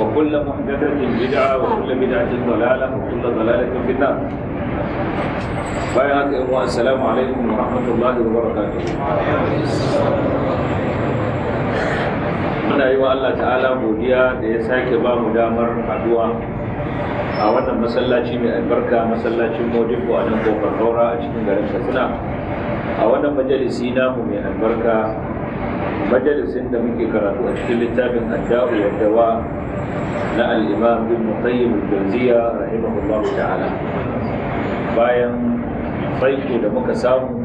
وكل محدثة بدعة وكل بدعة ضلالة وكل ضلالة في النار بايعك إخوان السلام عليكم ورحمة الله وبركاته muna yi wa Allah ta'ala godiya da ya sake ba mu damar haduwa a wannan masallaci mai albarka masallacin modibo a nan kofar daura a cikin garin katsina a wannan majalisi namu mai albarka majalisin da muke karatu a cikin littafin adda'u wa dawa na al-imam bin muqayyim al-jawziya rahimahullahu ta'ala bayan faiko da muka samu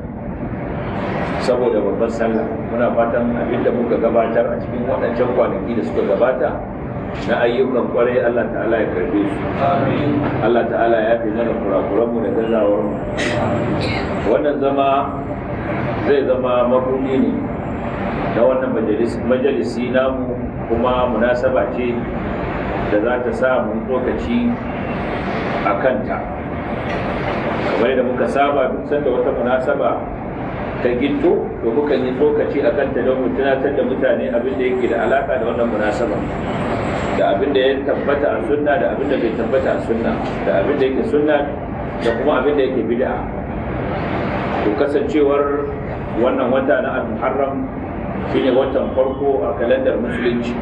saboda babban sallah muna fatan abinda muka gabatar a cikin waɗancan kwanaki da suka gabata na ayyukan kwarai Allah ta'ala ya karbe su Allah ta'ala ya fi mana kurakuranmu da gazawarmu wannan zama zai zama mabuni ne na wannan majalisi namu kuma munasaba ce da za ta sa mu tsokaci a kanta kamar da muka saba duk sanda wata munasaba ta gito to muka yi tsokaci a kanta don tunatar da mutane abin da yake da alaka da wannan munasaba da abin da ya tabbata a sunna da abin da bai tabbata a sunna da abin da yake sunna da kuma abin da yake bid'a to kasancewar wannan wata na al-muharram shine watan farko a kalandar musulunci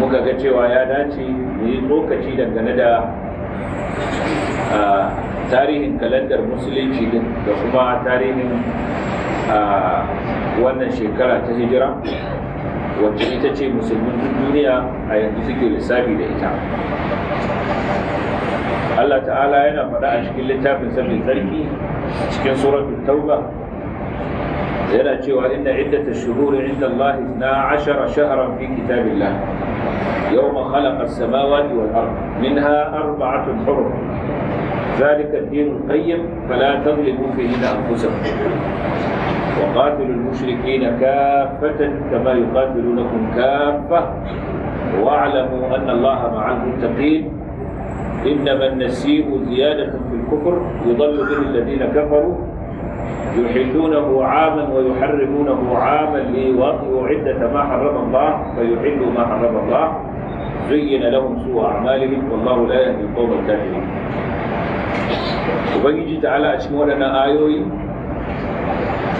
muka ga cewa ya dace mu yi tsokaci dangane da tarihin kalandar musulunci din da kuma tarihin wannan shekara ta hijira wacce ita ce musulmin duniya a yanzu suke lissafi da ita Allah ta'ala yana faɗa a cikin littafin mai tsarki cikin suratul tauba يلا تشوى إن عدة الشهور عند الله اثنا عشر شهرا في كتاب الله يوم خلق السماوات والأرض منها أربعة حرم ذلك الدين القيم فلا تظلموا فيهن انفسكم وقاتلوا المشركين كافة كما يقاتلونكم كافة واعلموا ان الله مع المتقين انما النسيء زيادة في الكفر يضل به الذين كفروا يحلونه عاما ويحرمونه عاما ليوطئوا عدة ما حرم الله فيحلوا ما حرم الله زين لهم سوء أعمالهم والله لا يهدي القوم الكافرين وبنجي تعالى أشمو لنا آيوي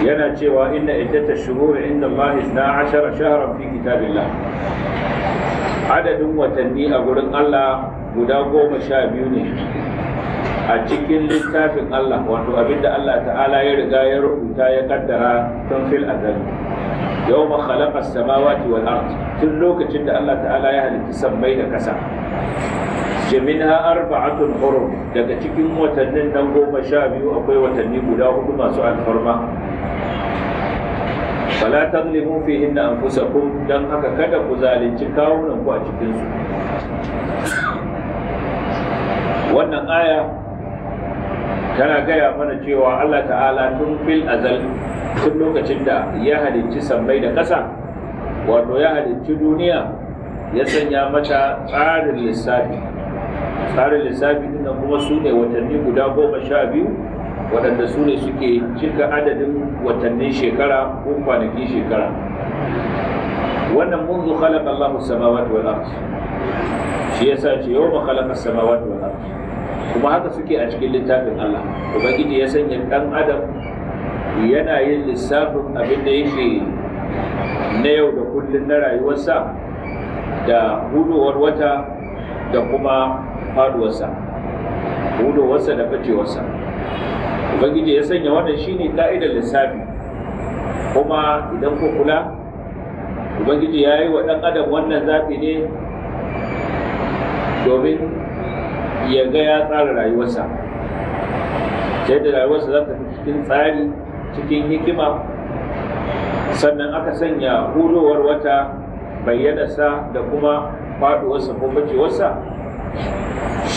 yana cewa inna iddata shuhur inda Allah isna ashara shahran fi kitabillah adadin watanni a gurin Allah guda goma sha biyu ne a cikin littafin Allah wato abinda Allah ta'ala ya riga ya rubuta ya kaddara tun fil azal yau ma khalaqa samawati wal ard tun lokacin da Allah ta'ala ya halitta sammai da kasa jaminha arba'atun hurum daga cikin watannin nan goma sha biyu akwai watanni guda hudu masu alfarma fala taglimu fihin da anfusakum dan haka kada ku zalunci kawunan ku a cikin su wannan aya tana gaya mana cewa Allah ta'ala tun fil azal tun lokacin da ya halicci sammai da ƙasa wato ya halicci duniya ya sanya mata tsarin lissafi tsarin lissafi dinnan kuma su ne watanni guda goma sha biyu waɗanda su ne suke cika adadin watannin shekara ko kwanakin shekara wannan mun zo منذ Allahu samawati wal والأرض shi yasa ce yau ma khalaqa samawati wal ardh kuma haka suke a cikin littafin Allah ubangiji ya sanya dan adam yana yin lissafin abin da yake na yau da kullun na rayuwarsa da hudowar wata da kuma faduwarsa hudowarsa da bacewarsa ubangiji ya sanya wannan shine ka'idar lissafi kuma idan ku kula ubangiji ya yi wa ɗan adam wannan zafi ne domin ya ga ya tsara rayuwarsa ta yadda rayuwarsa za ta fi cikin tsari cikin hikima sannan aka sanya hudowar wata bayyanarsa da kuma faduwarsa ko bacewarsa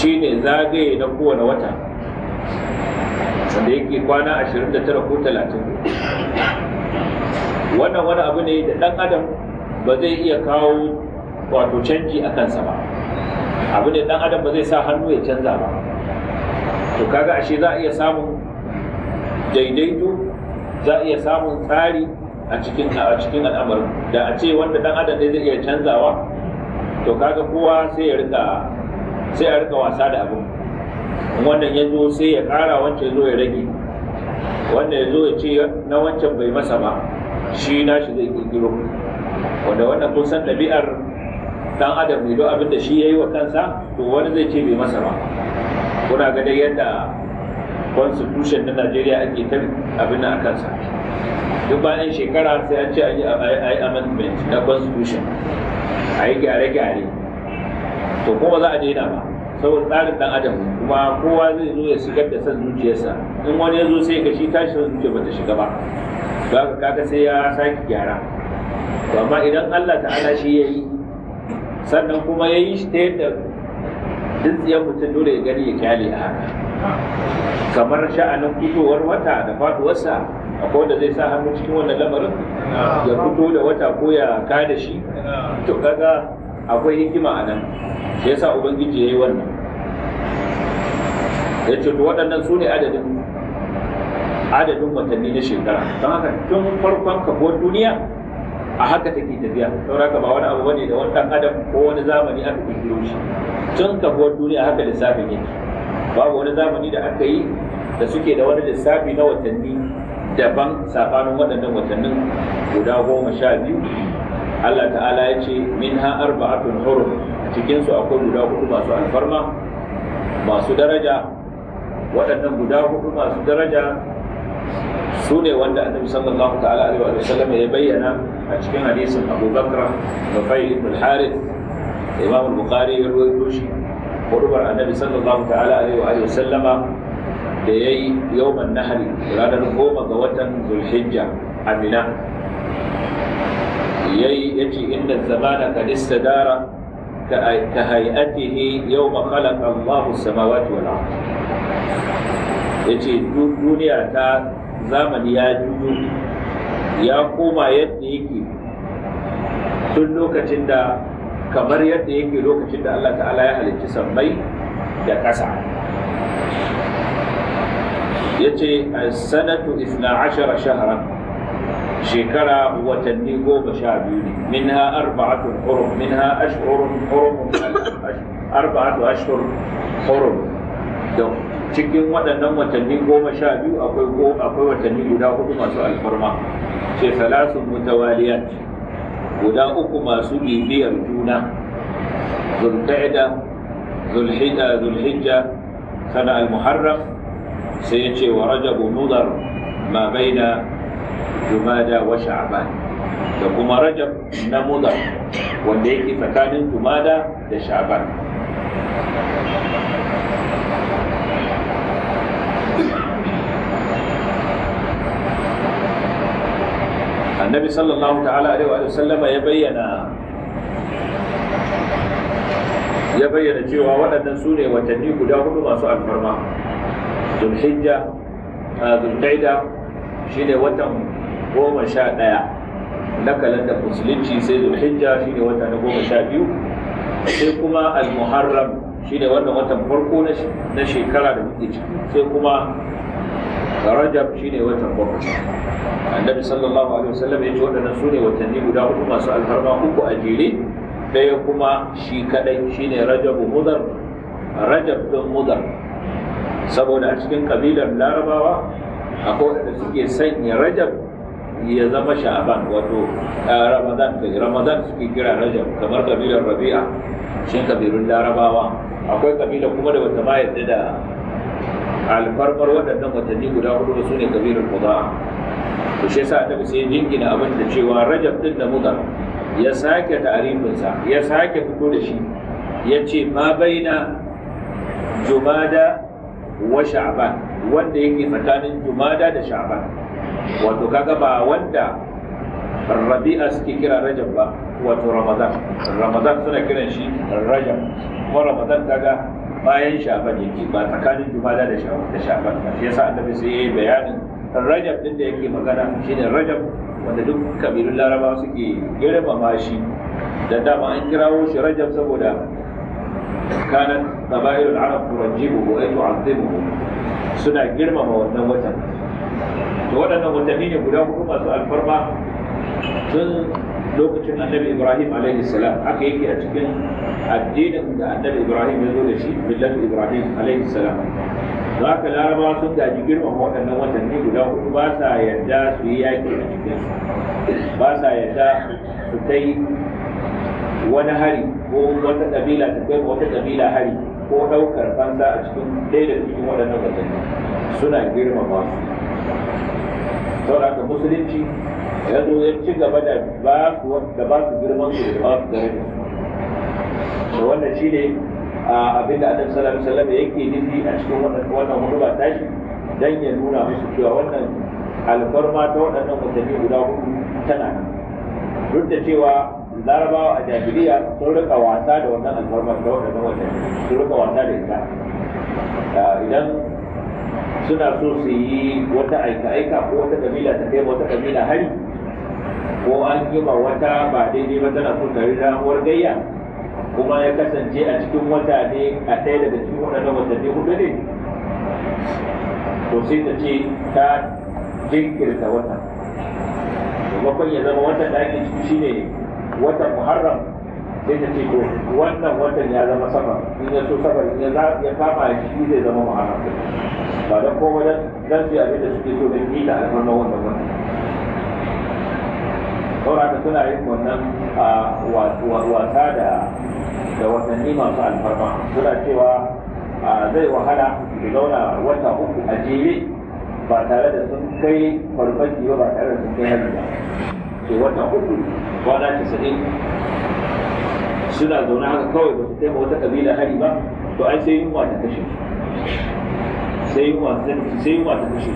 ne zagaye na kowane wata wanda yake kwana 29 ko 30 wannan wani abu ne da ɗan adam ba zai iya kawo wato canji a kansa ba abu ne dan adam ba zai sa hannu ya canza ba to kaga ashe za a iya samun daidaito za a iya samun tsari a cikin a cikin al'amarin da a ce wanda dan adam ne zai iya canzawa to kaga kowa sai ya rika sai ya rinka wasa da abin wannan ya zo sai ya kara wancan zo ya rage wannan ya zo ya ce na wancan bai masa ba shi na shi zai ƙirƙiro wanda wannan kun san ɗabi'ar dan adam ne duk abin da shi yayi wa kansa to wani zai ce bai masa ba kuna ga dai yadda constitution na Najeriya ake ta abin nan a kansa duk bayan shekara sai an ce an yi amendment na constitution a yi gyare-gyare to kuma za a daina ba saboda tsarin dan adam kuma kowa zai zo ya shigar da san zuciyarsa in wani ya zo sai ga shi tashi san zuciya bata shiga ba ka kaga sai ya sake gyara to amma idan Allah ta'ala shi yayi sannan kuma ya yi shi ta yadda duk mutum dole ya gani ya kyale a haka kamar sha'anin fitowar wata da faduwarsa akwai wanda zai sa hannu cikin wannan lamarin ya fito da wata ko ya ka da shi to kaga akwai hikima a nan shi yasa ubangiji ya yi wannan ya ce waɗannan su ne adadin adadin watanni na shekara don haka tun farkon kafuwar duniya a haka take tafiya saura ka ba wani abu bane da wani dan adam ko wani zamani aka kirkiro shi tun kafuwar duniya haka lissafin ne babu wani zamani da aka yi da suke da wani lissafi na watanni daban sabanin waɗannan watannin guda goma sha biyu Allah ta'ala ya ce min ha arba'atun hurum cikin su akwai guda hudu masu alfarma masu daraja waɗannan guda hudu masu daraja su ne wanda annabi sallallahu ta'ala alaihi wa sallam ya bayyana a cikin hadisin Abu Bakr da Fayl ibn Harith da Imam Bukhari ya rawaito shi hudubar annabi sallallahu ta'ala alaihi wa sallama da yayi yawman nahri ranar goma ga watan Zulhijja a Mina yayi yace inda zamana kad istadara ka hay'atihi yawma khalaqa Allahu samawati wal ardh ya ce duniya ta zamani ya juyo ya koma yadda yake tun lokacin da kamar yadda yake lokacin da Allah ta'ala ya halicci sammai da ƙasa ya ce sanatu isna ashara shahara shekara watanni goma sha biyu ne minha arba'atun hurum minha ashhurun hurum arba'atu ashhur hurum cikin waɗannan watanni goma sha biyu akwai akwai watanni guda hudu masu alfarma ce salasun mutawaliyat guda uku masu bibiyar juna zulqa'da zulhijja zulhijja sana al-muharram sai ya ce wa rajabu ma baina jumada wa sha'ban da kuma rajab na mudar wanda yake tsakanin jumada da sha'ban annabi sallallahu ta'ala alaihi wa sallama ya bayyana ya bayyana cewa waɗannan su ne watanni guda hudu masu alfarma zulhijja shi ne watan goma sha ɗaya na kalandar musulunci sai zulhijja shine wata na goma sha biyu sai kuma al-muharram shi ne wannan watan farko na shekara da muke ciki sai kuma rajab shine watan bakwai annabi sallallahu alaihi wasallam ya ce waɗannan su ne watanni guda uku masu alfarma uku a jere ɗaya kuma shi kaɗai shine rajabu mudar rajab ɗin mudar saboda a cikin ƙabilar larabawa akwai waɗanda suke sanya rajab ya zama sha'aban wato ramadan kai ramadan suke kira rajab kamar ƙabilar rabi'a shin kabilun larabawa akwai ƙabilar kuma da wata ma yadda da alfarfar waɗannan watanni guda hudu su ne kabirin kuda'a to shi yasa annabi sai jingina abin da cewa rajab din da muka ya sake ta'arifinsa ya sake fito da shi ya ce ma baina jumada wa sha'ban wanda yake tsakanin jumada da sha'ban wato kaga ba wanda rabi'a suke kira rajab ba wato ramadan ramadan suna kiran shi rajab kuma ramadan kaga bayan shafan yake ba tsakanin jumada da shafar, ba shi yasa annabi sai yayi bayanin rajab din da yake magana shine rajab wanda duk kabilun laraba suke girmama shi da dama an kirawo shi rajab saboda kanat qabail arab turajjibuhu wa tu'azzimuhu suna girmama wannan watan to waɗannan watanni ne guda hudu masu alfarma tun lokacin annabi ibrahim alaihi salam haka yake a cikin addinin da annabi ibrahim ya zo da shi millatu ibrahim alaihi salam za ka laraba sun gaji girma waɗannan watanni guda hudu ba sa yadda su yi yaƙi a cikin ba sa yadda su kai wani hari ko wata ƙabila ta kai wata ƙabila hari ko ɗaukar fansa a cikin ɗaya da cikin waɗannan watanni suna girmama su saboda musulunci ya zo ya ci gaba da ba su da ba su girman su ba su gare da wannan shi ne abin da adam salam salam da yake nufi a cikin wannan wannan ta tashi don ya nuna musu cewa wannan alfarma ta waɗannan mutane guda hudu tana duk da cewa larabawa a jahiliya sun rika wasa da wannan alfarma ta waɗannan mutane sun rika wasa da ita idan suna so su yi wata aika-aika ko wata kabila ta kai wata kabila hari ko an yi wata ba daidai ba tana so tare da uwar gayya kuma ya kasance a cikin wata ne a ɗaya daga cikin waɗannan ne hudu ne to sai ta ce ta jinkirta wata kuma ya zama wata da ake ciki shine watan muharram sai ta ce ko wannan watan ya zama sama in ya so sama in ya kama shi zai zama ma'ana ba da ko wajen dan su abin da suke so dan kita alfarma wannan wannan saboda suna yin wannan wasa da da watanni masu alfarma suna cewa zai wahala su zauna wata uku a jere ba tare da sun kai farfaki ba ba tare da sun kai hannu ba ke wata uku kwana sadi suna zaune haka kawai ba su taimaka wata kabila hari ba to ai sai yunwa ta kashe sai yunwa sai yunwa ta kashe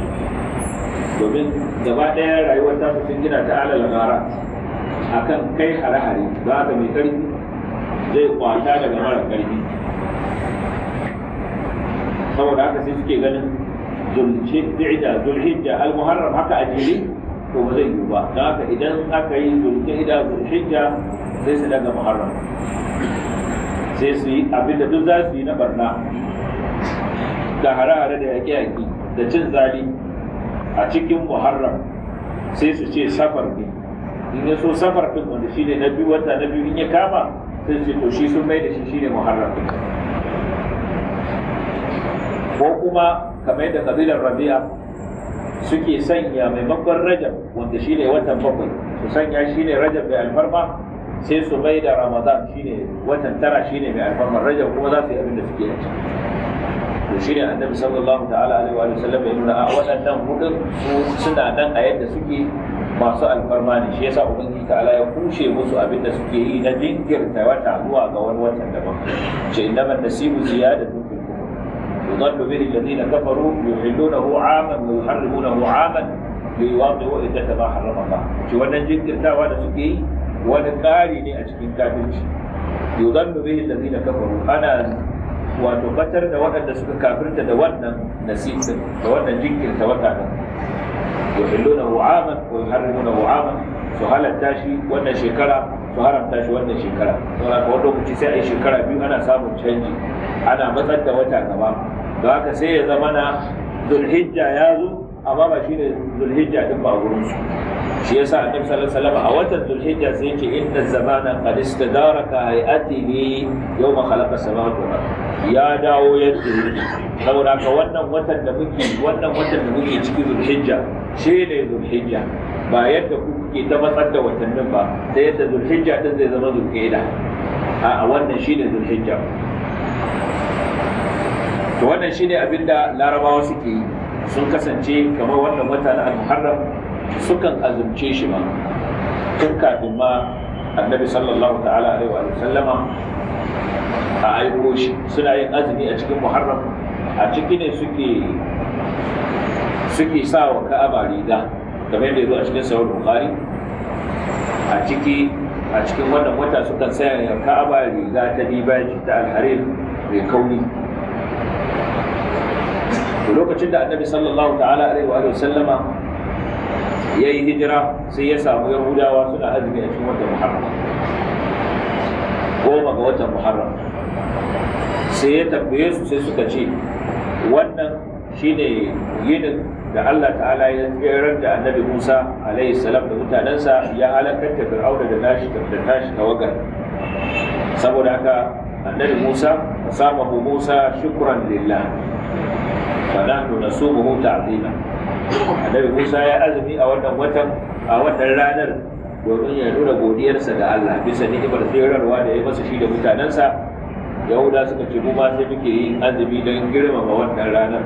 domin gaba ɗaya rayuwar ta sun gina ta alal gara akan kai hare-hare za ka mai ƙarfi zai kwata daga mara karfi saboda haka sai suke ganin zulce da zulhijja al-muharram haka a jiri ko ba zai yi ba da haka idan aka yi ida zulqa'ida zulhijja sai su daga muharram sai su yi abinda duk za su yi na barna da hare-hare da yaƙi-yaƙi da cin zali a cikin muharram sai su ce safar ne in ya so safar ɗin wanda shine na biyu wata na biyu in ya kama sai su to shi sun mai da shi shine muharram ko kuma kamar yadda kabilar rabi'a suke sanya maimakon rajab wanda shine watan bakwai su sanya shine rajab mai alfarma sai su bai da ramadan shine watan tara shine mai alfarma rajab kuma za su yi abin da suke yanci to shine annabi sallallahu ta'ala alaihi wa sallam ya nuna a waɗannan hudun su suna nan a yadda suke masu alfarma ne shi yasa ubangiji ta'ala ya kushe musu abinda da suke yi na jinkirta wata zuwa ga wani watan daban ce innaman nasibu ziyadatu يضل به الذين كفروا يحلونه عاما ويحرمونه عاما ليواطئوا عدة ما حرم الله شي wannan jinkirtawa da suke yi wani ƙari ne a cikin kafirci yudallu bihi alladhina kafaru ana wato batar da waɗanda suka kafirta da wannan nasisin da wannan jinkirta wata nan yuhilluna hu'aman wa yuharrimuna hu'aman su halatta shi wannan shekara su haramta shi wannan shekara saboda wani sai a yi shekara biyu ana samun canji ana matsar da wata gaba don haka sai ya zama na zulhijja ya zo amma ba ne zulhijja din ba gurin su shi yasa annabi sallallahu alaihi wasallam a watan zulhijja sai ce inda zamana qad istadaraka hayatihi yawma ma samawati wal ya dawo yadda yake saboda ka wannan watan da muke wannan watan da muke ciki zulhijja shi ne zulhijja ba yadda ku kuke ta matsar da watannin ba Ta yadda zulhijja din zai zama zulqa'ida a wannan shi ne zulhijja to wannan shine abin da larabawa suke yi sun kasance kamar wannan mutanen al-muharram sukan azumce shi ma tun kafin ma annabi sallallahu ta'ala alaihi wa sallama a aiko shi suna yin azumi a cikin muharram a ciki ne suke suke sa wa ka'aba riga kamar yadda ya a cikin sahih bukhari a ciki a cikin wannan wata sukan saya ka'aba riga ta dibaji ta alharir mai kauri lokacin da annabi sallallahu ta'ala alaihi wa sallama ya yi hijira sai ya samu yahudawa suna azumi a cikin watan muharram goma ga watan muharram sai ya tambaye su sai suka ce wannan shine yinin da Allah ta'ala ya tsirar da annabi Musa alaihi salam da mutanensa ya halakar da fir'auna da nashi da tashi tawagar saboda haka annabi Musa فصامه موسى شكرا لله فنحن نصومه تعظيما النبي موسى musa أزمي azumi وتم wannan ranar domin ya nuna godiyarsa da Allah bisa ni'imar tsirarwa da ya masa shi da mutanensa yauda suka ce mu sai muke yin azumi don girmama wannan ranar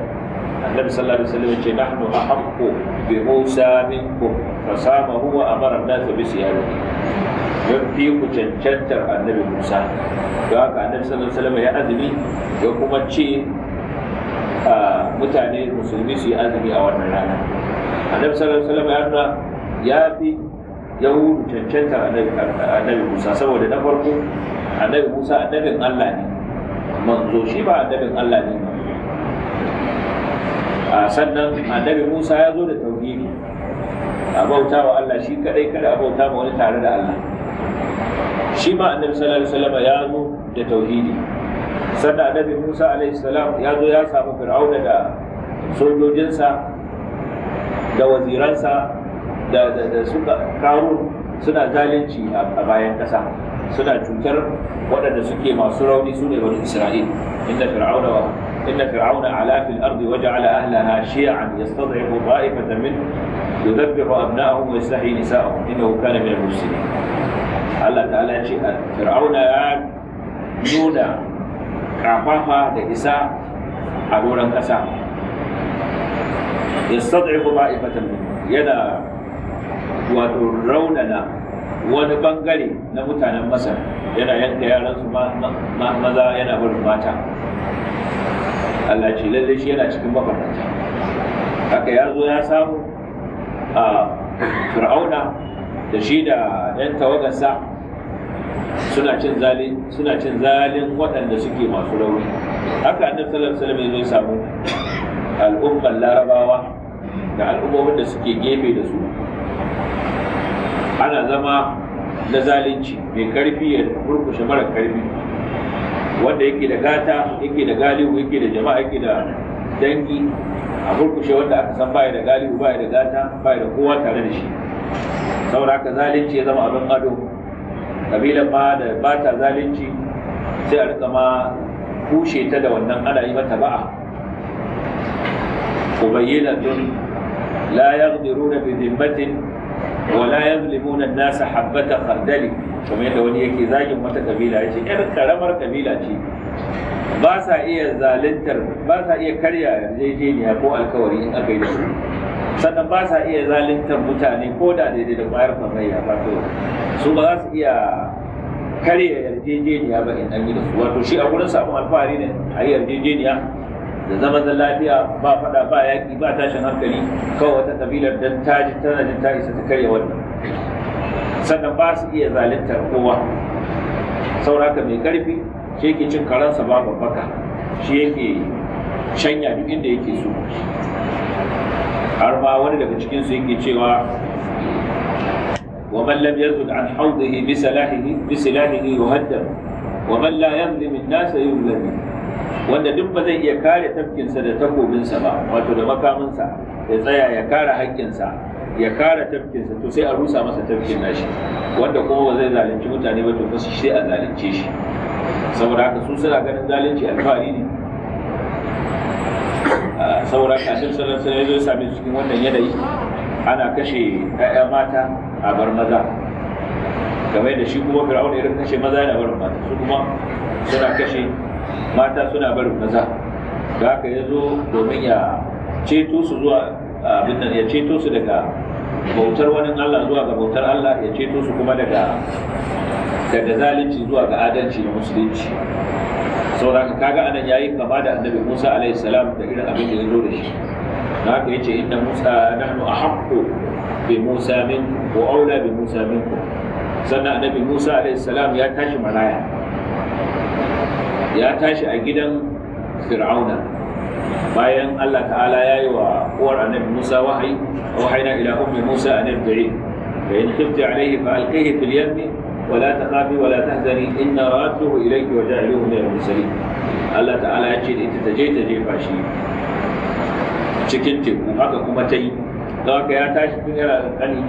annabi sallallahu alaihi wasallam ce nahnu ahaqqu bi Musa minkum fa sama huwa amara an-nas bi siyarihi don fi ku cancantar annabi Musa don haka annabi sallallahu alaihi wasallam ya azumi ya kuma ce ah, mutane musulmi su yi azumi a wannan rana annabi sallallahu alaihi wasallam ya nuna ya fi yahudu cancantar annabi Musa saboda na farko annabi Allah shi ba Allah ne ba sannan annabi Musa ya zo da tauhidi a bauta wa Allah shi kadai kada a bauta ma wani tare da Allah shi ma annabi sallallahu alaihi wasallam ya zo da tauhidi sannan annabi Musa alaihi salam ya zo ya samu Fir'auna da sojojinsa da waziransa da da suka kawo suna zalunci a bayan kasa, suna cutar waɗanda suke masu rauni su ne wani Isra'il inda Fir'auna wa إن فرعون علا في الأرض وجعل أهلها شيعا يستضعف طائفة منه يذبح ابنائهم ويستحي نسائهم إنه كان من المسلمين. الله تعالى شيء فرعون آل دون كعفافة لإساء أقول أن يستضعف طائفة منه يدا وترونا wani ɓangare na mutanen masar yana yanka yaransu ma maza yana barin mata Allah ce lalle shi yana cikin mabarnata haka ya zo ya samu a fir'auna da shi da ɗan tawagarsa suna cin zalin suna cin zalin waɗanda suke masu rauni haka annabi sallallahu alaihi wasallam ya samu al'ummar larabawa da al'ummomin da suke gefe da su ana zama na zalunci mai karfi ya burkushe mara karfi wanda yake da gata yake da galihu yake da jama'a yake da dangi a burkushe wanda aka san baya da galihu baya da gata baya da kowa tare da shi saboda haka zalunci ya zama abin ado kabilan ma da ba ta zalunci sai a rika ma kushe ta da wannan ana yi mata ba'a ubayyana dun la yaqdiruna bi dhimmatin wa la yadhlimuna an-nasa habata khardali kuma yadda wani yake zagin wata kabila ya ce yar karamar kabila ce ba sa iya zalintar ba sa iya karya yarjejeniya ko alkawari in aka yi da su sannan ba sa iya zalintar mutane ko da daidai da kwayar ba to su ba za su iya karya yarjejeniya ba in an yi da su wato shi a wurin samun alfahari ne a yi yarjejeniya da zama da lafiya ba fada ba yaki ba tashin hankali kawai wata kabilar dan ta ji tana jin ta isa ta karya wannan sannan ba su iya zaluntar kowa sauraka mai karfi shi yake cin karansa ba babbaka shi yake shanya duk inda yake so har ma wani daga cikinsu yake cewa ومن لم يزد عن حوضه بسلاحه بسلاحه يهدم ومن لا يظلم الناس يظلم wanda duk ba zai iya kare tafkinsa da takobinsa ba wato da makaminsa ya tsaya ya kare haƙƙinsa ya kare tafkinsa to sai a rusa masa tafkin nashi wanda kuma ba zai zalunci mutane ba to fasu sai a zalunce shi saboda haka su suna ganin zalunci alfahari ne ah, saboda haka shi sallar sallar zai same cikin wannan yanayi ana kashe 'ya'ya mata a bar maza kamar da shi kuma fir'auna irin kashe maza yana barin mata su kuma suna kashe mata suna barin maza da haka ya zo domin ya ceto su zuwa abin nan ya ceto su daga bautar wani Allah zuwa ga bautar Allah ya ceto su kuma daga daga zalunci zuwa ga adalci da musulunci sauraka kaga anan yayi kama da annabi Musa alaihi salam da irin abin da ya zo da shi Na ka yace inna Musa nahnu ahqqu bi Musa min wa aula bi Musa minkum sannan annabi Musa alaihi salam ya tashi maraya ya tashi a gidan Fir'auna bayan Allah ta'ala ya yi wa uwar annabi Musa wahayi na ila ummi Musa an irji'i fa in khifti alayhi fa alqihi fil yammi wa la takhafi wa la tahzani inna radduhu ilayki wa ja'aluhu min al-mursalin Allah ta'ala ya ce da ita ta je ta jefa shi cikin teku haka kuma ta yi don haka ya tashi tun yana kankani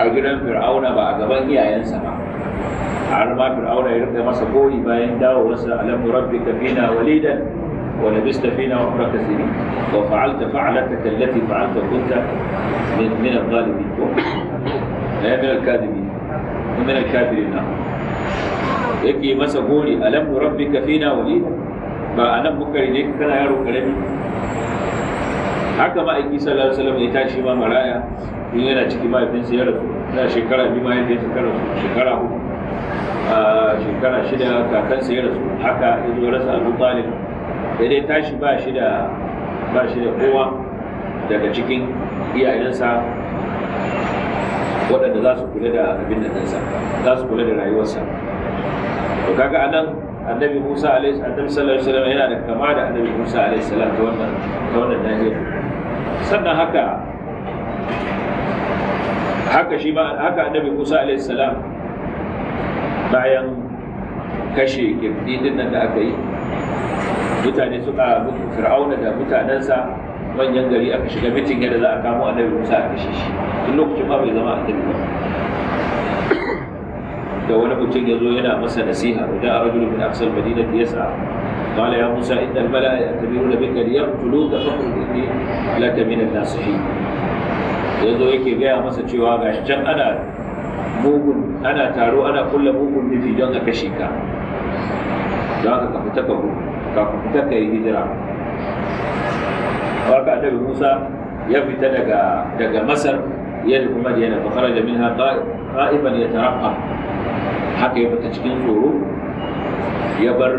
a gidan fir'auna ba a gaban iyayensa ba A ma fir'auna ya rika masa kori bayan dawowarsa alam rabbika fina walidan ولبست فينا عمرك سنين وفعلت فعلتك التي فعلت وكنت من, من الظالمين من الكاذبين ومن الكافرين yake masa gori alam rabbika fina walida ba anan muka ne kana yaro karami haka ma'aiki sallallahu alaihi wasallam ya tashi ma maraya in yana ciki mahaifinsa ya rasu na shekara biyu mahaifinsa ya rasu shekara uku shekara shida kakansa ya rasu haka ya zo rasa abu sai dai tashi ba shi da ba shi da kowa daga cikin iyayensa waɗanda za su kula da abin da ɗansa za su kula da rayuwarsa to kaga anan annabi Musa alaihi annabi sallallahu alaihi wasallam yana da kama da annabi Musa alaihi salam ta wannan ta wannan nahiyar sannan haka haka shi ma haka annabi Musa alaihi salam bayan kashe kirdi din nan da aka yi mutane suka fir'auna da mutanensa manyan gari aka shiga mitin yadda za a kamo annabi musa a kashe shi duk lokacin ma bai zama annabi ba da wani mutum ya zo yana masa nasiha da a rajulu min aksal madina ya sa musa يا موسى إن الملأ يأتمرون بك ليقتلوك فاخرج إني da من الناصحين ya zo yake gaya masa cewa gashi can ana mugun ana taro ana kulla mugun nufi don a kashe ka don ka fita ka kafin fita ka yi hijira haka annabi musa ya fita daga daga masar ya nufi madiyana fa kharaja minha ya yataraqqa haka ya fita cikin tsoro ya bar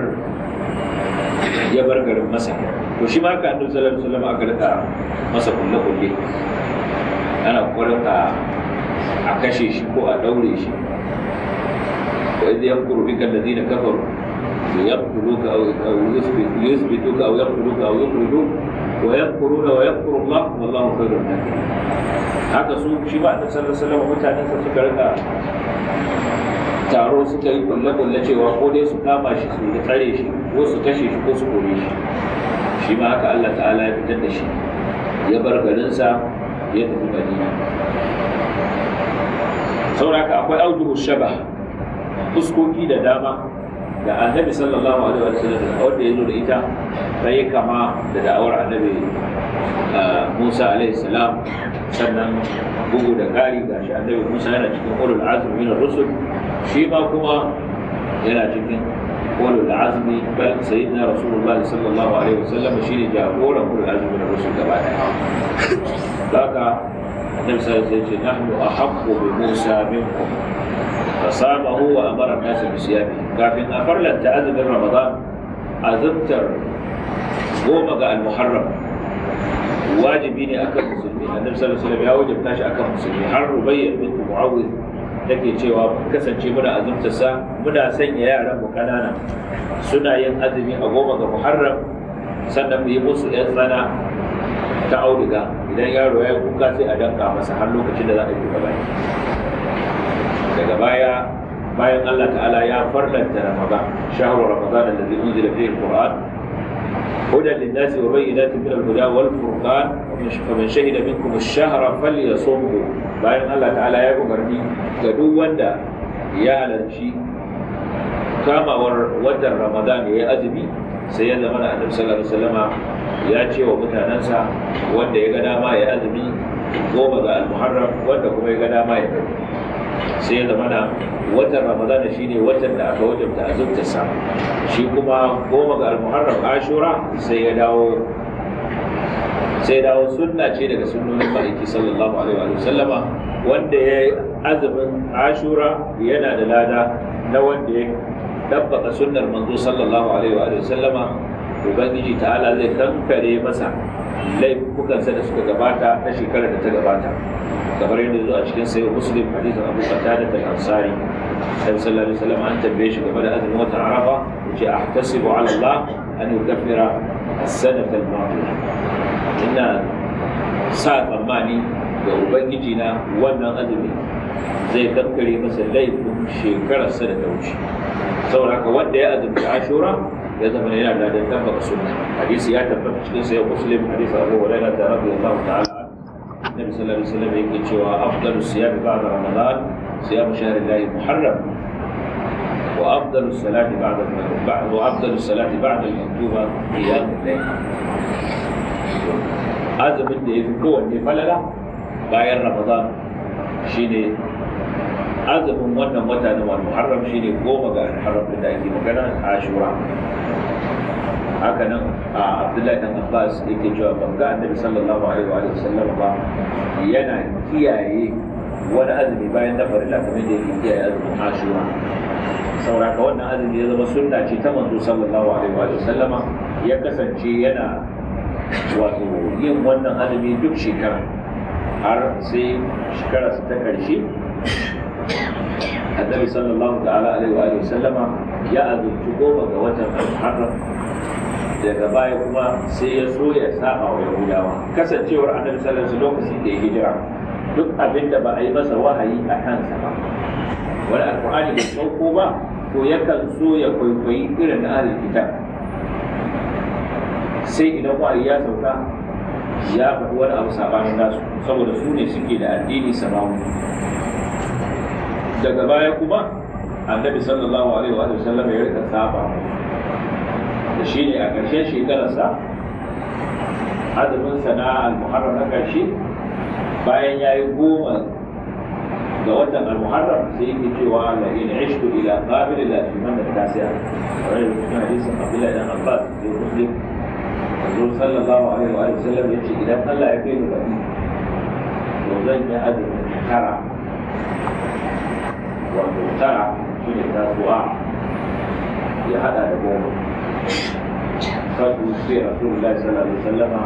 ya bar garin masar to shi ma ka annabi sallallahu alaihi wasallam aka rika masa kulle kulle ana kokarin ka a kashe shi ko a daure shi wa idh yamkuru bika alladhina kafaru يقتلوك أو يثبتوك أو يقتلوك أو يخرجوك ويذكرون ويذكر الله والله خير الذاكرين haka su shi ba ta sallallahu alaihi wasallam mutanen sa suka rika taro suka yi kulle kulle cewa ko dai su kama shi su yi tsare shi ko su kashe shi ko su kore shi shi ma haka Allah ta'ala ya fitar da shi ya bar garin sa ya tafi Madina saboda haka akwai aujuhu shaba fuskoki da dama da annabi sallallahu alaihi wa sallam wanda ya zo ita ta yi kama da da'awar annabi ah, Musa alaihi salam sannan bugu da kari ga shi annabi Musa yana cikin ulul azmi min rusul shi ma kuma yana cikin ulul azmi bal sayyidina rasulullah sallallahu alaihi wa sallam shine jagoran ulul azmi min rusul gaba daya haka annabi sallallahu alaihi wa sallam ya ce nahnu ahaqqu bi Musa minkum فصامه وامر الناس بصيامه kafin a farlanta azumin ramadan azumtar goma ga al-muharram wajibi ne akan musulmi annabi sallallahu alaihi wasallam ya wajabta shi akan musulmi har rubayya bint muawiz take cewa kasance muna azumtar sa muna sanya yaran mu kanana suna yin azumi a goma ga muharram sannan mu yi musu yan tsana ta auduga idan yaro ya kuka sai a danka masa har lokacin da za a yi gaba daga baya bayan Allah ta'ala ya farlanta Ramadan shahru Ramadan alladhi unzila fihi al-Qur'an hudan lin-nasi wa bayyinatin min al-huda wal-furqan faman shahida minkum ash-shahra falyasumhu bayan Allah ta'ala ya umarni ga duk wanda ya halarci kamawar watan Ramadan ya yi azumi sai ya zama na Annabi sallallahu alaihi ya ce wa mutanansa wanda ya ga dama ya azumi goma ga al-Muharram wanda kuma ya ga dama ya azumi sai ya zama na watan ramadana shi ne watan da aka wajabta azumta sa shi kuma goma ga almuharram ashura sai ya dawo sai dawo sunna ce daga sunnonin ma'aiki sallallahu alaihi wa sallama wanda ya yi azumin ashura yana da lada na wanda ya dabbaka sunnar manzo sallallahu alaihi wa sallama ubangiji ta'ala zai kankare masa laifukansa da suka gabata na shekarar da ta gabata kamar yadda zuwa cikin sayo muslim hadisin abu qatada da ansari sai sallallahu alaihi wasallam an tabbe shi game da azumin watan arafa ce ahtasibu ala allah an yukaffira as-sanata al-madiya ina sa tsammani ga ubangiji na wannan azumi zai kankare masa laifin shekararsa da ta wuce saboda haka wanda ya azumci ashura ya zama yana da dan tabbata sunna hadisi ya tabbata cikin sahih muslim hadisi Abu Hurairah radiyallahu ta'ala النبي صلى الله عليه وسلم يقول cewa أفضل الصيام بعد رمضان صيام شهر الله المحرم وأفضل الصلاة بعد بعد وأفضل الصلاة بعد المكتوبة قيام الليل هذا بدي يذكر فللا غير رمضان شيني azabin wannan wata na muharram ne goma ga alharram da ake magana ashura haka nan a abdullahi dan abbas yake cewa ban ga annabi sallallahu alaihi wa sallam ba yana kiyaye wani azumi bayan na farila kuma da yake kiyaye azumin ashura sauraka wannan azumi ya zama sunna ce ta manzo sallallahu alaihi wa sallama ya kasance yana wato yin wannan azumi duk shekara har sai su ta karshe annabi sallallahu ta'ala wa sallama ya azurci goma ga watan al daga baya kuma sai ya so ya saba wa yahudawa kasancewar annabi sallallahu alaihi lokacin da ya hijira duk abin da ba a yi masa wahayi a kansa ba wani alqur'ani da sauko ba to yakan so ya kwaikwayi irin na ahlul kitab sai idan wahayi ya sauka ya faɗi wani abu saɓanin nasu saboda su ne suke da addini samawu daga baya kuma annabi sallallahu alaihi wa sallam ya rika saba da shi ne a ƙarshen shekararsa azumin sana al-muharram na ƙarshe bayan ya yi goma ga watan al-muharram sai yake cewa la in ishtu ila qabil la fi man tasi'a wani cikin hadisin abdullahi dan abbas da muslim Rasul sallallahu alaihi wa sallam ya ce idan Allah ya kai ni ba to zan yi azumin tara wato tara shi ne tasowa ya hada da goma kadu sai rasulullahi sallallahu alaihi wasallama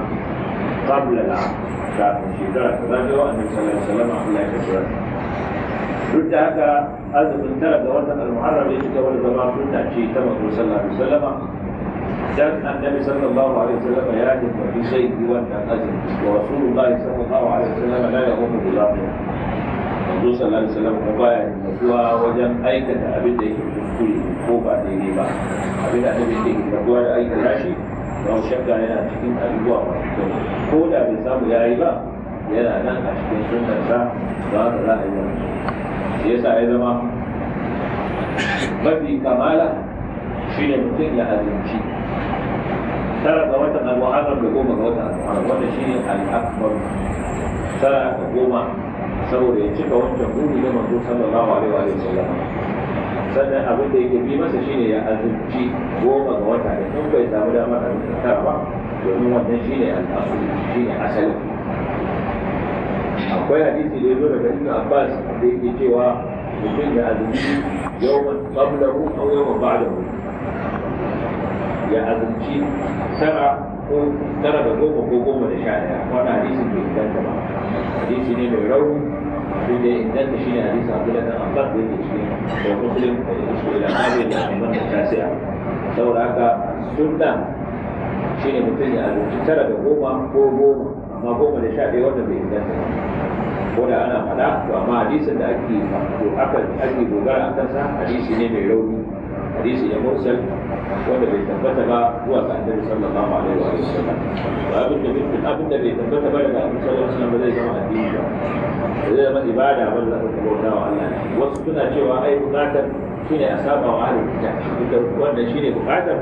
qabla la kafin shekara ta zagayo annabi sallallahu alaihi wasallama Allah ya kasuwa duk da haka azumin tara ga wata al-muharram ya shiga wani zama sunna ce ta manzo sallallahu alaihi wasallama dan annabi sallallahu alaihi wasallama ya tafi sai yi wannan azumi wa rasulullahi sallallahu alaihi wasallama la yahudu bi manzo sallallahu alaihi wasallam ko baya rubuwa wajen aikata abin da yake kuskure ko ba daidai ba abin da annabi yake rubuwa da aikata shi don shakka yana cikin abubuwa masu kyau ko da bai samu ya yi ba yana nan a cikin sunnarsa ba ka za a yi shi yasa ya zama mafi kamala shi ne mutum ya azumci tara ga watan al-muharram da goma ga watan al-muharram wanda shine ne al-akbar tara ga goma saboda ya cika wancan buri na manzo sallallahu alaihi wa sallam sannan abin da yake bi masa shine ya azumci goma ga wata da in bai samu damar a tara ba domin wannan shine al'asul shine asali akwai hadisi da ya zo daga ibn abbas da yake cewa mutum ya azumci yawman qablahu aw yawman ba'dahu ya azumci tara ko tara da goma ko goma da sha ɗaya wani hadisi bai inganta ba hadisi ne mai rauni sai dai inganta shi ne hadisi abu da kan ambar da yake cikin da muslim da yake da hali da ambar da tasiya saboda haka sunna shi ne mutum ya azurci tara da goma ko goma amma goma da sha ɗaya wanda bai inganta ba ko da ana faɗa to amma hadisin da ake aka ake dogara a kansa hadisi ne mai rauni hadisi ya mursal wanda bai tabbata ba zuwa ga annabi sallallahu alaihi wa sallam ba abin da bai tabbata ba daga annabi sallallahu alaihi wa ba zai zama addini ba zai zama ibada ba za ka bauta wa Allah wasu suna cewa ai bukatar shine a saba wa ahlul kitab inda wannan shine bukatar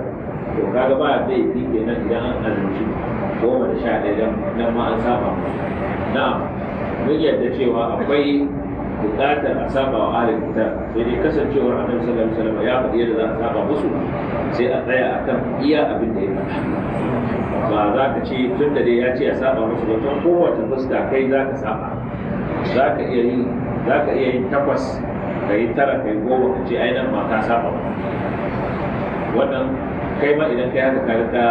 to kaga ba zai yi kenan idan an azumci goma da sha ɗaya nan ma an saba na'am mun yadda cewa akwai buƙatar a saba wa ahlul kitab sai dai kasancewar annabi sallallahu alaihi wasallam ya faɗi yadda za a saba musu sai a tsaya akan iya abin da ya faɗa ba za ka ce tun da dai ya ce a saba musu ba don kowace fuska kai za ka saba za ka iya yin za ka iya yin takwas ka yi tara ka yi goma ka ce ainihin ma ka saba wannan kai ma idan kai haka ka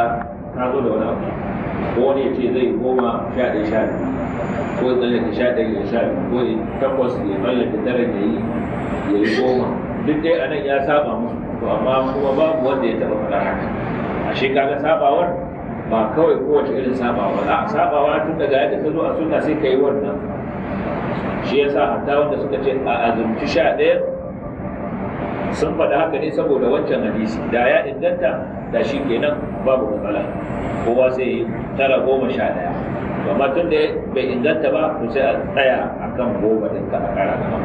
ka zo da wani abu ko wani ya ce zai goma sha ɗaya sha biyu ko ya tsallake sha ɗaya ya sha ko ya takwas ya tsallake tara ya yi ya yi goma duk dai a nan ya saba musu to amma kuma babu wanda ya taɓa faɗa haka A shekara sabawar ba kawai kowace irin sabawa a sabawa tun daga yadda ta zo a suna sai ka yi wannan shi ya sa hatta wanda suka ce a azumci sha ɗaya sun faɗa haka ne saboda wancan hadisi da ya inganta da shi kenan babu matsala kowa sai tara goma sha ɗaya amma tun da bai inganta ba ku sai a tsaya kan goma din ka a kara gaba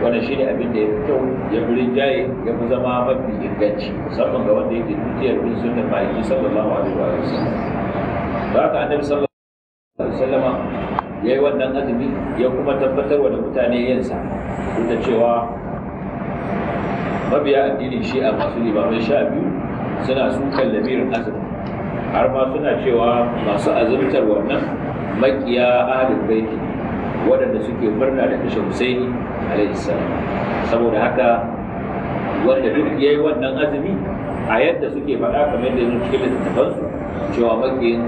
wannan shine abin da ya fi kyau ya fi rinjaye ya fi zama mafi inganci musamman ga wanda yake tutiyar bin sunna ma'aiki sallallahu alaihi wa sallam Ba haka annabi sallallahu alaihi wa sallama ya yi wannan azumi ya kuma tabbatar wa da mutane yinsa duk da cewa mabiya addinin shi'a masu limamai sha biyu suna sukan lamirin azumi har ma suna cewa masu azumtar wannan makiya ahlul baiti waɗanda suke murna da kashe Husaini alaihi salam saboda haka wanda duk yayi wannan azumi a yadda suke faɗa kamar da yanzu cikin littattafan su cewa makiyin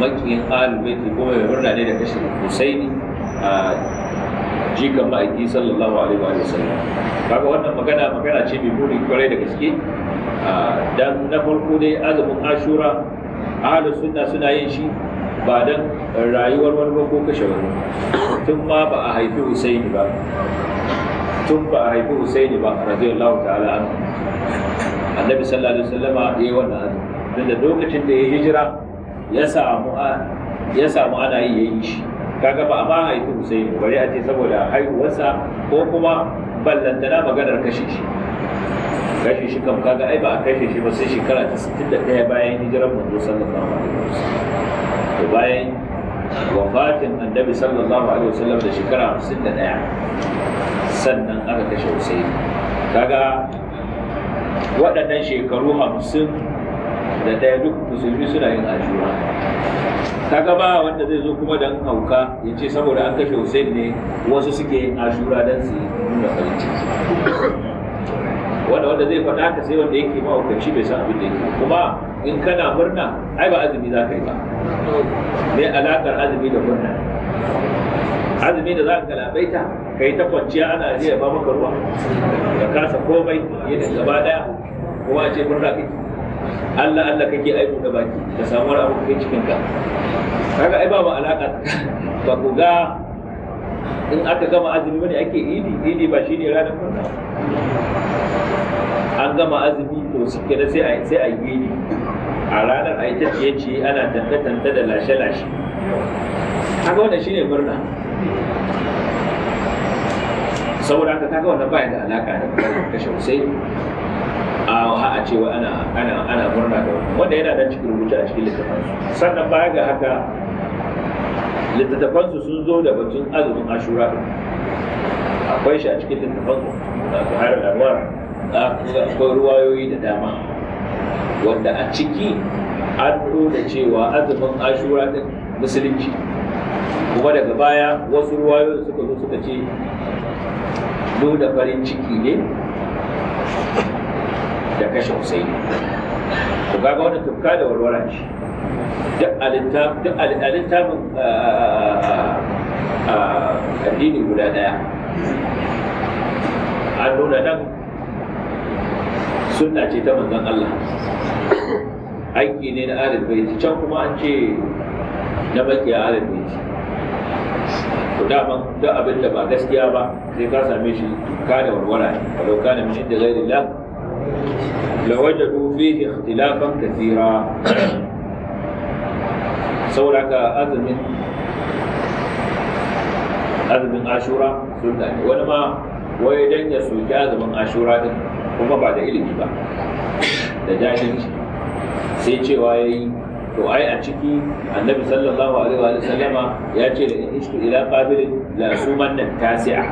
makiyin ahlul baiti kuma mai murna ne da kashe Husaini a jikan ma'aiki sallallahu alaihi wa sallam kaga wannan magana magana ce mai buri kwarai da gaske dan na farko dai azumin ashura ahalus sunna suna yin shi ba dan rayuwar wani ba ko kashe wani tun ma ba a haifi Husaini ba tun ba a haifi Husaini ba radiyallahu ta'ala an annabi sallallahu alaihi wasallama yayi wannan azumi da lokacin da ya hijira ya samu ya samu ana yi yayi shi kaga ba a ma haifi Husaini bari a ce saboda haihuwarsa ko kuma ballantana maganar kashe shi kashe shi kam kaga ai ba a kashe shi ba sai shekara ta 61 bayan hijirar manzo sallallahu alaihi wasallam to bayan wafatin annabi sallallahu alaihi wasallam da shekara ɗaya sannan aka kashe Usaini kaga waɗannan shekaru 50 da ɗaya duk musulmi suna yin ajiyuwa. kaga ba wanda zai zo kuma dan hauka ya ce saboda an kashe Usaini ne wasu suke yin ashura don su nuna farin ciki wanda wanda zai faɗa ka sai wanda yake mahaukaci bai san abin da yake kuma in kana murna ai ba azumi za ka yi ba me alakar azumi da murna azumi da za ka labaita ka yi ta kwanciya ana ajiya ba maka ruwa ka kasa komai yadda gaba daya kuma a ce murna kake Allah Allah kake aiko da baki da samuwar abu kai cikin ka kaga ai ba ba alaka ba ku ga in aka gama azumi ne ake idi idi ba shine ranar murna an gama azumi to su kira sai a sai a yi a ranar a yi ta ce ana tantatanta da lashe-lashe kaga wannan shine murna saboda haka kaga wannan baya da alaka da kashe sai a a cewa ana ana ana murna da wanda yana da cikin rubuta a cikin littafin sannan baya ga haka littattafansu sun zo da batun azumin ashura akwai shi a cikin su da su harin anwar akwai ruwayoyi da dama wanda a ciki an da cewa azumin ashura din musulunci kuma daga baya wasu ruwayoyi suka zo suka ce nuna farin ciki ne da kashe husaini ku kaga wani tukka da walwala ce duk a littafin addini guda daya an nuna nan sunna ce ta manzon Allah aiki ne na alif baiti can kuma an ce na makiya alif baiti to dama duk abin da ba gaskiya ba sai ka same shi ka da warwara ne da kana min inda ghairillah lawajadu fihi ikhtilafan kathira sauraka azumin azumin ashura sunna ne wani ma wai dan ya soki azumin ashura din kuma ba da ilimi ba da jahilci sai cewa ya yi to ai a ciki annabi sallallahu alaihi wa sallama ya ce da in ishtu ila qabilin la suman nan tasi'a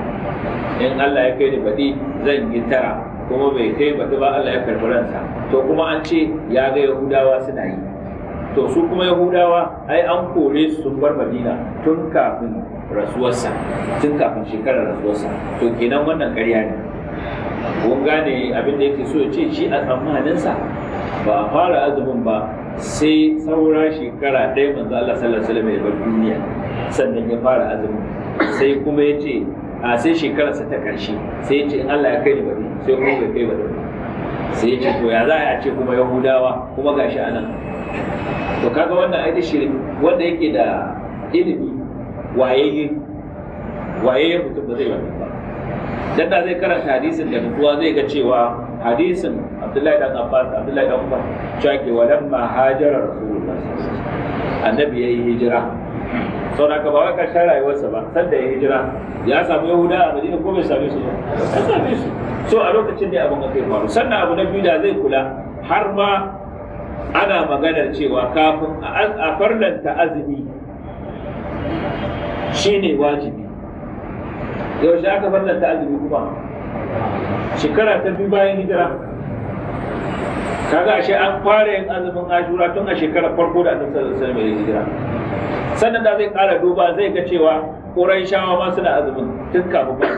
in Allah ya kai ni badi zan yi tara kuma bai kai badi ba Allah ya karbi ransa to kuma an ce ya ga yahudawa suna yi to su kuma yahudawa ai an kore su sun bar madina tun kafin rasuwarsa tun kafin shekarar rasuwarsa to kenan wannan ƙarya ne kun gane abin da yake so ya ce shi a tsammaninsa ba a fara azumin ba sai saura shekara ɗaya manzo Allah sallallahu alaihi wasallam ya bar duniya sannan ya fara azumin sai kuma ya ce a sai shekararsa ta ƙarshe sai ya ce Allah ya kai ni bari sai kuma ya kai bari sai ya ce to ya za a ce kuma yahudawa kuma gashi a nan to kaga wannan aiki shirin wanda yake da ilimi waye waye mutum ba zai wannan ba dan da zai karanta hadisin da kuwa zai ga cewa hadisin Abdullahi dan Abbas Abdullahi dan Umar cewa ke walamma hajara Rasulullah annabi yayi hijira sau da ba wai karshen rayuwarsa ba sanda ya hijira ya samu yahuda a madina ko bai same su ba ya same su so a lokacin ne abin kai faru sannan abu na biyu da zai kula har ma ana maganar cewa kafin a farlanta azumi shine wajibi yaushe aka ta azumi kuma shekara ta biyu bayan hijira kaga ashe an fara yin azumin ashura tun a shekarar farko da annabi sallallahu alaihi wasallam ya hijira sannan da zai kara duba zai ga cewa shawa ma suna azumin tun kafin ba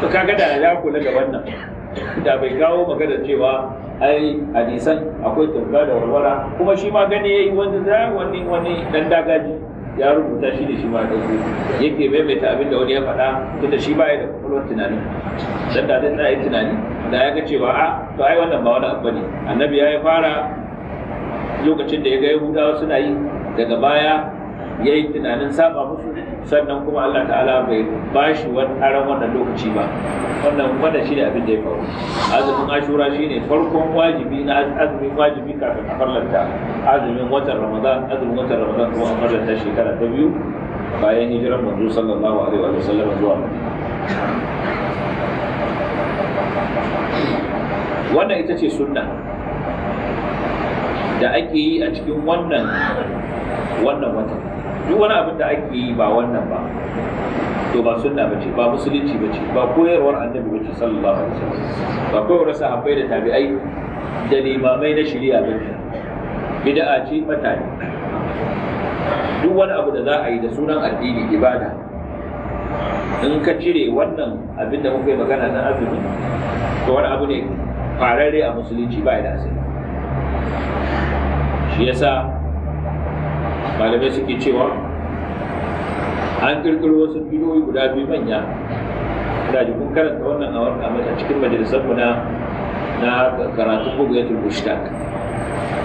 su kaga da ya kula da wannan da bai kawo magana cewa ai hadisan akwai tunga da warwara kuma shi ma gani yayi wani wani wani dan dagaji ya rubuta shi ne shi ma dauko yake maimaita abin da wani ya faɗa tunda shi ba ya da kwakwalwar tunani dan da zai tsaya tunani da ya ga cewa a ah, to ai wannan ba wani abu ne annabi ya fara lokacin da ya ga yahudawa suna yi daga baya ya yi tunanin saba musu sannan kuma Allah ta'ala bai bashi wani aran wannan lokaci ba wannan wannan shi ne abin da ya faru azumin ashura shi ne farkon wajibi na azumin wajibi kafin a farlanta azumin watan ramadan azumin watan ramadan kuma a farlanta shekara ta biyu bayan hijiran manzo sallallahu alaihi wa sallam zuwa wannan ita ce sunna da ake yi a cikin wannan wannan watan duk wani abin da ake yi ba wannan ba to ba sunna ba ce ba musulunci ba ce ba koyarwar annabi ba ce sallallahu alaihi wasallam ba koyarwar sahabbai da tabi'ai da limamai na shari'a ba ce bid'a ce mutane duk wani abu da za a yi da sunan addini ibada in ka cire wannan abin da muka yi magana na azumi to wani abu ne fararre a musulunci ba da asali shi yasa malamai suke cewa an kirkiro wasu biyoyi guda biyu manya da ji kun karanta wannan a a cikin majalisar mu na na karatun bugayatul mushtaq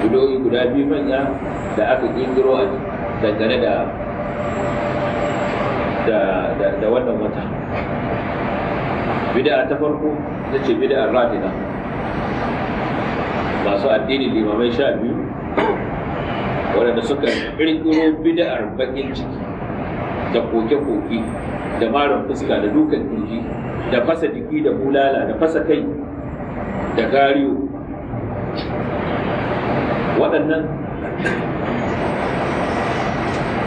biyoyi guda biyu manya da aka kirkiro a dangane da da wannan wata bid'a ta farko ita ce bid'ar rafida masu addini limamai sha biyu waɗanda suka ƙirƙiro bid'ar bakin ciki da koke-koke da marar fuska da dukan kirji da fasa jiki da bulala da fasa kai da gariyo waɗannan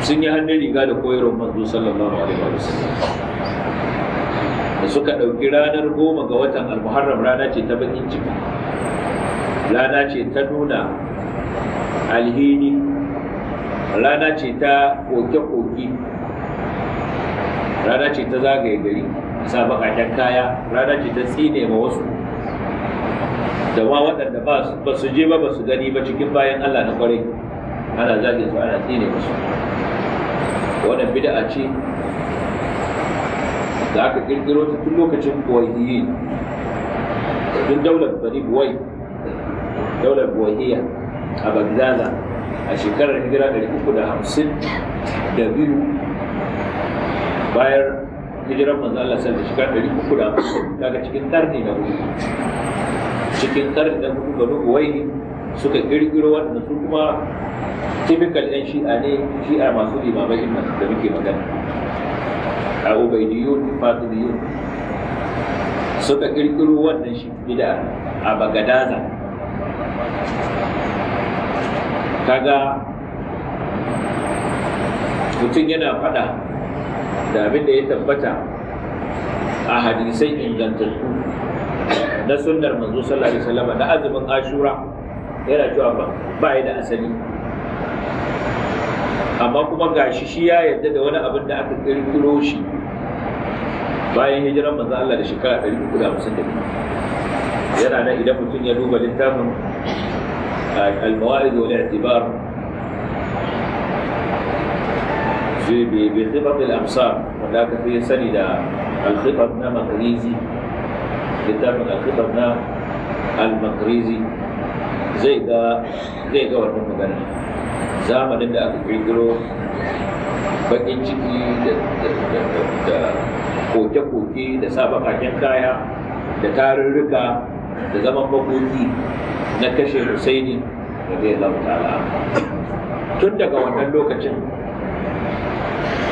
sun yi hannun riga da koyarwar manzo sallallahu alaihi wa sallam da suka ɗauki ranar goma ga watan almuharram rana ce ta bakin ciki rana ce ta nuna alhini rana ce ta koke-koke rana ce ta zagaye gari sa bakaken kaya rana ce ta tsine ma wasu da ma waɗanda ba su je ba ba su gani ba cikin bayan Allah na kwarai ana zage su ana tsine musu wannan bid'a ce da aka kirkiro ta tun lokacin buwaiyi tun daular bani buwai daular buwaiya a bagdada a shekarar hijira biyu bayar hijirar manzo Allah sai da da hamsin daga cikin karni na hudu cikin karni na hudu banu uwaini suka kirkiro wannan su kuma typical yan shi'a ne shi'a masu limamai inna da muke magana a ubaidiyun fatidiyun suka kirkiro wannan shi bid'a a bagadaza kaga mutum yana fada da abin da ya tabbata a hadisai ingantattu na sunnar manzo sallallahu alaihi wasallam da azumin ashura yana cewa ba ba ya da asali amma kuma gashi shi ya yarda da wani abin da aka kirkiro shi bayan hijiran manzo Allah da shekara 350 yana nan idan mutum ya duba littafin الموارد والاعتبار في بخطط الأمصار هناك في سنة الخطط مقريزي littafin alkitab na almakrizi zai ga zai ga wannan magana zamanin da aka kirkiro bakin ciki da koke-koke da sa bakaken kaya da tarurruka da zaman makoki na kashe husaini radiyallahu ta'ala tun daga wannan lokacin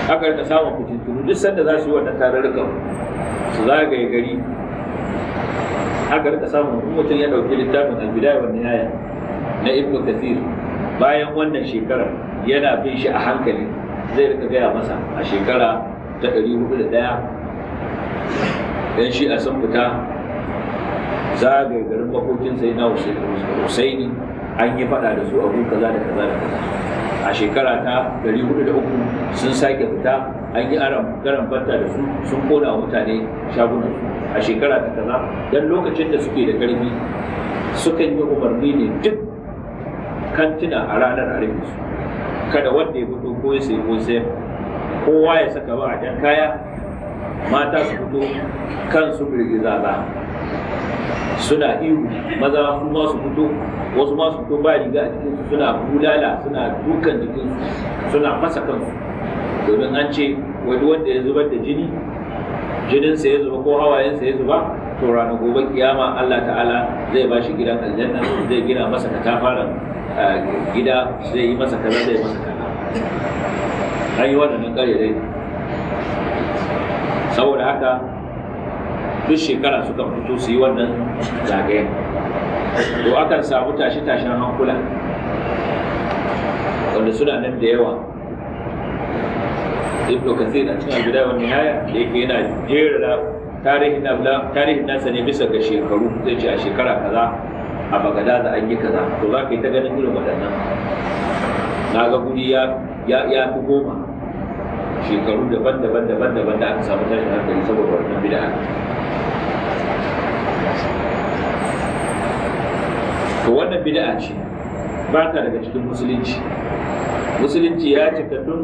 aka rika samun fitintunu duk sanda za su yi wannan tarurrukan su zagaye gari aka rika samun mutum ya dauki littafin albidaya wa nihaya na ibnu kathir bayan wannan shekarar yana bin shi a hankali zai rika gaya masa a shekara ta 401 dan shi a sun fita zagaye garin makokin sai na husaini an yi fada da su abu kaza da kaza da kaza a shekara ta 403 sun sake fita an yi karan fata da su sun kona wa mutane shagunan su a shekara ta kaza dan lokacin da suke da karfi sukan yi umarni ne duk kantina a ranar a su kada wanda ya fito ko ya ko sai kowa ya saka ba a kaya mata su fito kan su girgiza ba suna ihu maza su ma su fito wasu ma su fito ba riga a jikinsu suna bulala suna dukan jikinsu suna masa kansu domin an ce wani wanda ya zubar da jini jininsa ya zuba ko hawayensa ya zuba to ranar gobe kiyama Allah ta'ala zai ba shi gidan aljanna zai gina masa fara gida zai yi masa kaza zai masa kaza an yi waɗannan dai saboda haka duk shekara suka fito su yi wannan zagaya to akan samu tashe-tashen hankula wanda suna nan da yawa ibn kathir a cikin albidaya wani haya da yake yana jera tarihin nasa ne bisa ga shekaru zai ce a shekara kaza a bagada da an yi kaza to za ka yi ta ganin irin waɗannan na ga guri ya fi goma shekaru daban-daban daban da aka samu tashin hankali saboda wannan bid'a to wannan bid'a ce ba ta daga cikin musulunci musulunci ya cika tun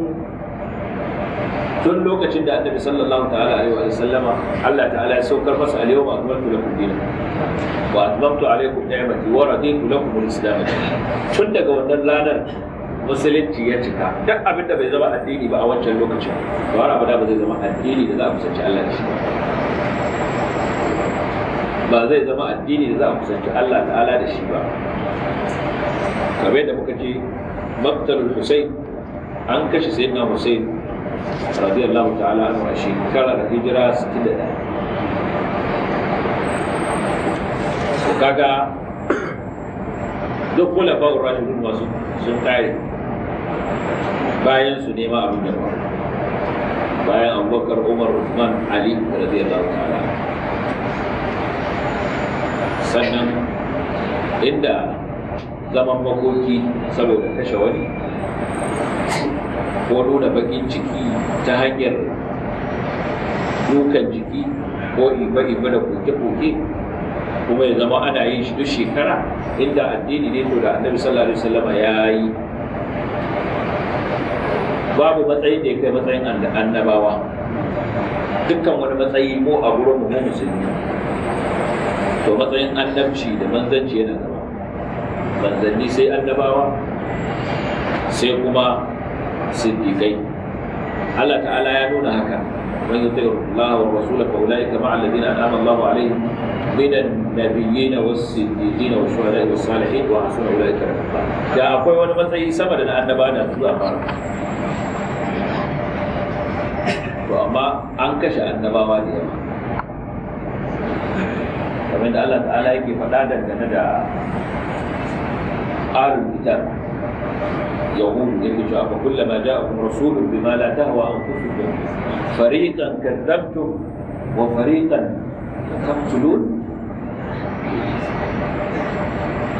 tun lokacin da annabi sallallahu ta'ala alaihi wa sallama Allah ta'ala ya saukar masa alayhi wa akmaltu lakum dinakum wa atmamtu alaykum ni'mati wa raditu lakum al-islam tun daga wannan ranar musulunci ya cika duk abin da bai zama addini ba a wancan lokacin ba wani abu da ba zai zama addini da za a kusanci Allah da shi ba zai zama addini da za a kusanci Allah ta'ala da shi ba kamar da muka ce maktalul husayn an kashe sayyidina husayn radiyallahu ta'ala anhu a shekarar hijira 61 kaga duk kula ba'ur rajulun masu sun tare bayan su nema abin da bayan abubakar umar usman ali radiyallahu ta'ala sannan inda zaman makoki saboda kashe wani ko nuna bakin ciki ta hanyar dukan jiki ko iba-iba da koke-koke kuma ya zama ana yin shi duk shekara inda addini ne to da annabi sallallahu alaihi wasallam ya yi babu matsayi da ya kai matsayin annabawa dukkan wani matsayi ko a gurin mu musulmi to matsayin annabci da manzanci yana gaba manzanni sai annabawa sai kuma siddiqai Allah ta'ala ya nuna haka man yuti Allah wa rasula fa ulaika ma'a alladhina an'ama Allah alaihim min an-nabiyyin was-siddiqin wash-shuhada'i was-salihin wa hasuna ulaika rafiqa da akwai wani matsayi sama da na annaba da zuwa ba. to amma an kashe annabawa da yawa kamar da Allah ta'ala yake faɗa dangane da ahlul kitab يقوم يكتب فكلما جاءكم رسول بما لا تهوى انفسكم فريقا wa وفريقا تقتلون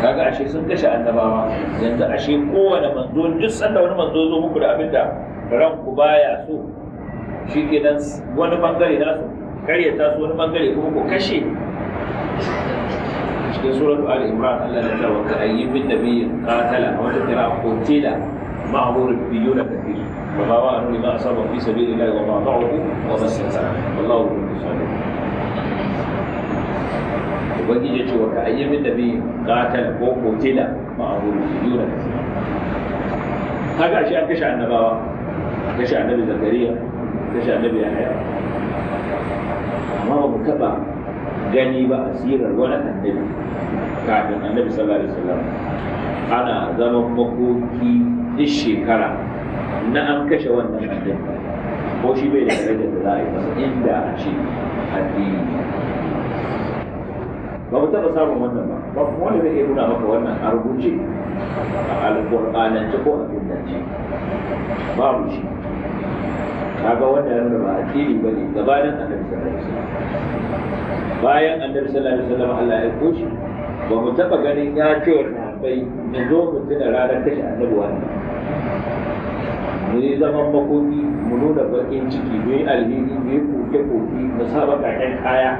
kaga ashe sun kashe annabawa yanzu ashe kowane manzo duk sanda wani manzo zo muku da abinda ranku baya so shi kenan wani bangare na su karyata su wani bangare kuma ku kashe cikin suratu Ali imran Allah ya tawa ka ayyubin nabiyyin qatala wa ta kira qutila ma'rur biyun kathir wa ma wa annu ma asaba fi da sabilillahi wa ma da'u wa ma satara wallahu yusallu ubangiji ya ce wa ka da nabiyyin qatala ko qutila biyu biyun kathir kaga shi an kashe annabawa kashe annabi zakariya kashe annabi ya haya amma ba mu taɓa gani ba asirar wani annabi kafin annabi sallallahu alaihi wasallam ana zaman makoki duk shekara na an kashe wannan annabi ko shi bai da darajar da za a yi masa inda a ce addini ba mu taɓa samun wannan ba ba kuma wani zai iya nuna maka wannan a rubuce a alƙur'anance ko a sunnance babu shi kaga wannan ba addini bane gabanin annabi sallallahu alaihi bayan annabi sallallahu alaihi wasallam Allah ya kushi ba mu taba ganin ya ce wa sahabbai in zo mu tuna ranar kashe annabi wannan mu yi zaman makoki mu nuna bakin ciki mu yi alhini mu yi koke-koke mu saba kakan kaya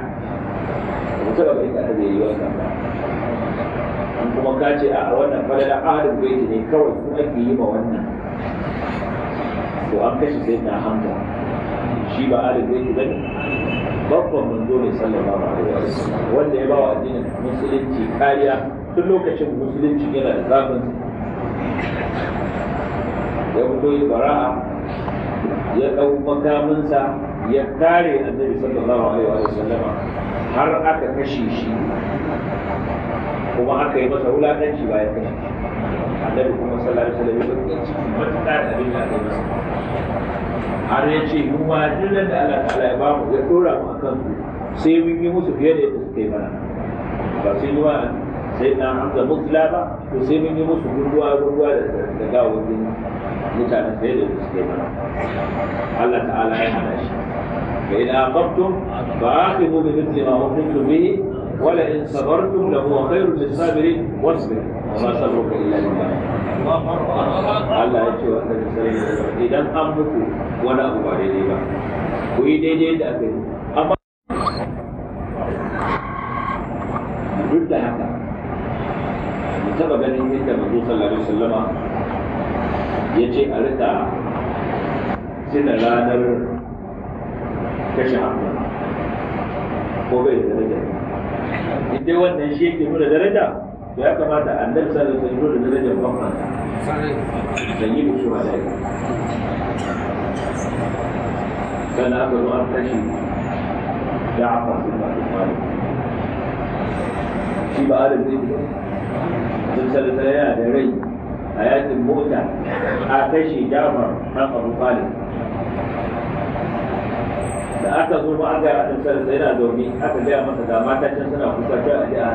mu taba ganin ka da yi wannan ba kuma ka ce a wannan falala ahlul bai ne kawai su ake yi ma wannan to an kashe sai na hamza shi ba alif zai ki bane babban manzo ne sallallahu alaihi wasallam wanda ya bawa addinin musulunci kariya tun lokacin musulunci yana da zafin ya fito yi bara'a ya ɗau makaminsa ya kare annabi sallallahu alaihi wasallama har aka kashe shi kuma aka yi masa wulaƙanci bayan kashe shi annabi kuma sallallahu alaihi wasallam ya ciki matuƙa da abin da aka yi masa har ya ce mu ma duk da Allah ta'ala ya ba mu ya dora mu akan su sai mun yi musu fiye da yadda suka yi mana ba sai yi wa sai na hamza mutla ba to sai mun yi musu gurguwa gurguwa da gawawakin mutanen fiye da yadda suka yi mana Allah ta'ala ya hana shi fa idan aqabtum fa aqibu bi mithli ma uqitu bihi ولئن صبرتم لهو خير للصابرين واصبر وما صبرك الا بالله Allah ya ce wa annabi sallallahu idan an muku wani abu ba daidai ba ku yi daidai da aka yi amma duk da haka mu taba ganin yadda manzo sallallahu alaihi ya ce a rika tuna ranar kashe hakan ko bai da rage in wannan shi yake nuna daraja to ya kamata annabi sallallahu alaihi wasallam nuna darajar babban dan yi musu alai kana aka zo an kashi da afa sun ba su fara shi ba adam zai fito sun sallallahu yana da rai a yakin mota a kashi jafar an abu talib da aka zo ba aka yi a da yana zaune aka gaya masa ga mata can suna kuka ta a jiya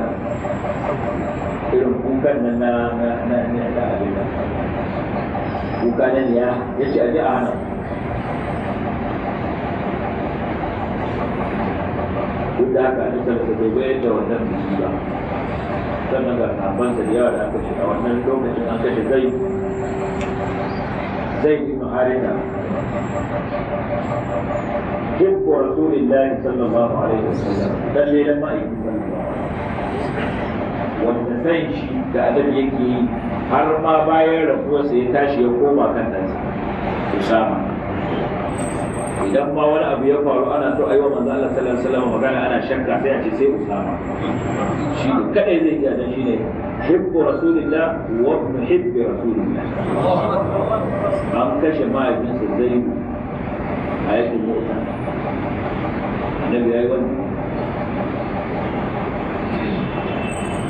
irin kukan nan na na na na na abin kuka nan ya ya ce a jiya na duk da haka na sarsa bai bayar da wannan biki ba sannan ga kafansa da yawa da aka shiga wannan lokacin an kashe zai zai yi ma'arika حب رسول الله صلى الله عليه وسلم dan ne dan ma'aikin sallallahu wanda san shi da adam yake yi har ma bayan rafuwarsa ya tashi ya koma kan ɗansa Usama idan ma wani abu ya faru ana so ayi wa manzo Allah sallallahu alaihi wasallam magana ana shakka sai a ce sai Usama shi kadai zai iya dan ne, hibbu rasulillah wa hibbu rasulillah an kashe ma'aikin zai yi. ayatul mota annabi ya yi wani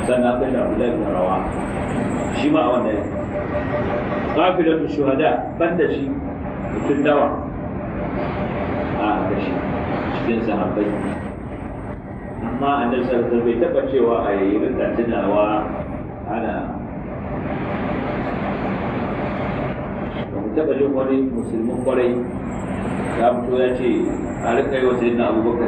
sannan akwai da abdullahi bin rawa shi ma a wanda ya kafilatu shuhada ban da shi mutum dawa a kashi cikin sahabbai amma annabi sallallahu bai taɓa cewa a yayi rinka tunawa ana ba mu taba jin wani musulmin kwarai ya fito ya ce a rika yi wa sayyidina abubakar